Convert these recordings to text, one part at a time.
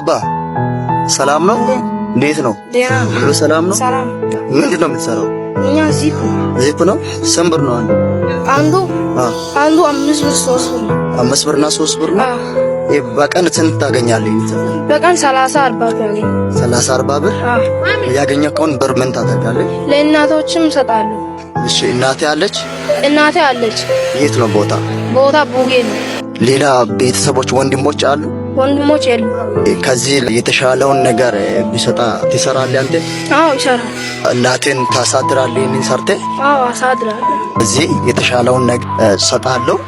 አባ ሰላም ነው? እንዴት ነው? ሁሉ ሰላም ነው? ሰላም። ምንድን ነው የምትሰራው? እኛ ዚፕ ዚፕ ነው። ስንት ብር ነው አንዱ? አንዱ አንዱ አምስት ብር ሶስት ብር አምስት ብርና ሶስት ብር ነው። በቀን ስንት ታገኛለህ? በቀን ሰላሳ አርባ ብር ሰላሳ አርባ ብር ያገኘከውን ብር ምን ታደርጋለህ? ለእናቶችም እሰጣለሁ። እሺ እናቴ አለች እናቴ አለች። የት ነው ቦታ? ቦታ ቡጌ ነው። ሌላ ቤተሰቦች ወንድሞች አሉ? ወንድሞች የሉ። ከዚህ የተሻለውን ነገር ቢሰጣ ትሰራለህ አንተ? አዎ ይሰራል። እናቴን ታሳድራለህ? ምን ሰርተ? አዎ አሳድራለሁ። እዚህ የተሻለውን ነገር ሰጣለሁ።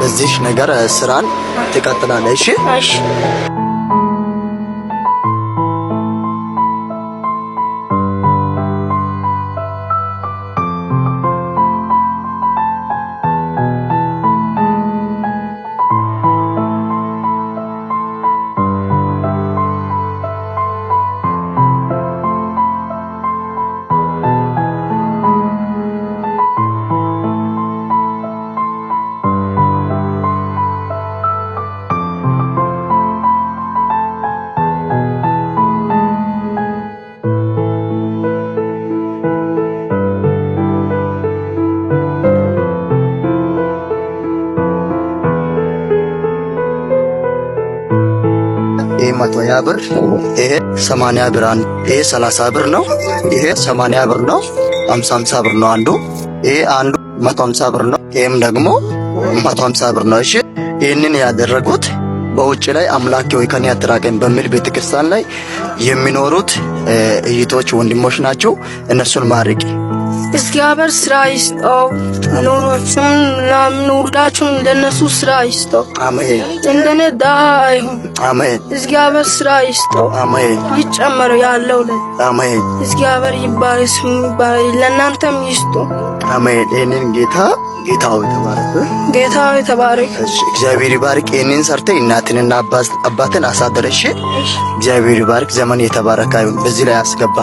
በዚህ ነገር ስራን ትቀጥላለህ። እሺ። እሺ። መቶ ሀያ ብር፣ ይሄ ሰማንያ ብር፣ ይሄ ሰላሳ ብር ነው። ይሄ ሰማንያ ብር ነው። አምሳ አምሳ ብር ነው አንዱ። ይሄ አንዱ መቶ አምሳ ብር ነው። ይሄም ደግሞ መቶ አምሳ ብር ነው። እሺ ይህንን ያደረጉት በውጭ ላይ አምላክ ሆይ ከኔ አትራቀኝ በሚል ቤተክርስቲያን ላይ የሚኖሩት እይቶች ወንድሞች ናቸው። እነሱን ማርቂ እግዚአብሔር ስራ ይስጠው። ኑሮቹን ምናምን ሁላችሁም ለነሱ ስራ ይስጠው። አሜን። እንደኔ ድሃ አይሁን። አሜን። እግዚአብሔር ስራ ይስጠው። አሜን። ይጨመረው ያለው ላይ አሜን። እግዚአብሔር ይባረክ፣ ስሙ ይባረክ፣ ለእናንተም ይስጡ። አሜን። ይህንን ጌታ ጌታው የተባረከ ጌታው የተባረከ እግዚአብሔር ይባርክ። ይህንን ሰርተ እናትንና አባትን አሳደረሽ። እግዚአብሔር ይባርክ። ዘመን የተባረከ ይሁን። በዚህ ላይ አስገባ